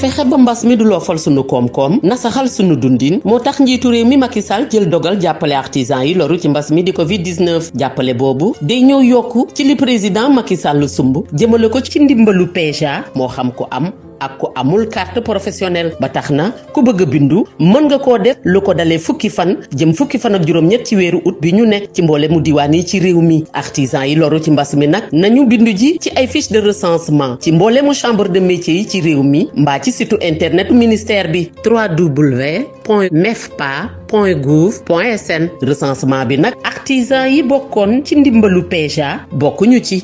fexe ba mbas mi du loofal sunu koom-koom nasaxal sunu dundin moo tax njiitu réew mi Macky Sall jël dogal jàppale artisan yi loru ci mbas mi di covid 19 jàppale boobu dey ñëw yokk ci li président Macky Sall sumb jëmale ko ci ndimbalu PEJA moo xam ko am ak ko amul carte professionnel ba tax na ku bëgg a bindu mën nga koo def lu ko dalee fukki fan jëm fukki fan ak juróom-ñett ci weeru ut bi ñu ne ci mboole mu diwaan yi ci réew mi artisan yi loru ci mbas mi nag nañu bindu ji ci ay fiche de recensement ci mboole mu chambre de métier yi ci réew mi mbaa ci site internet ministère bi www.mefpa.gouv.sn recensement bi nag artisan yi bokkoon ci ndimbalu PEJA bokkuñu ci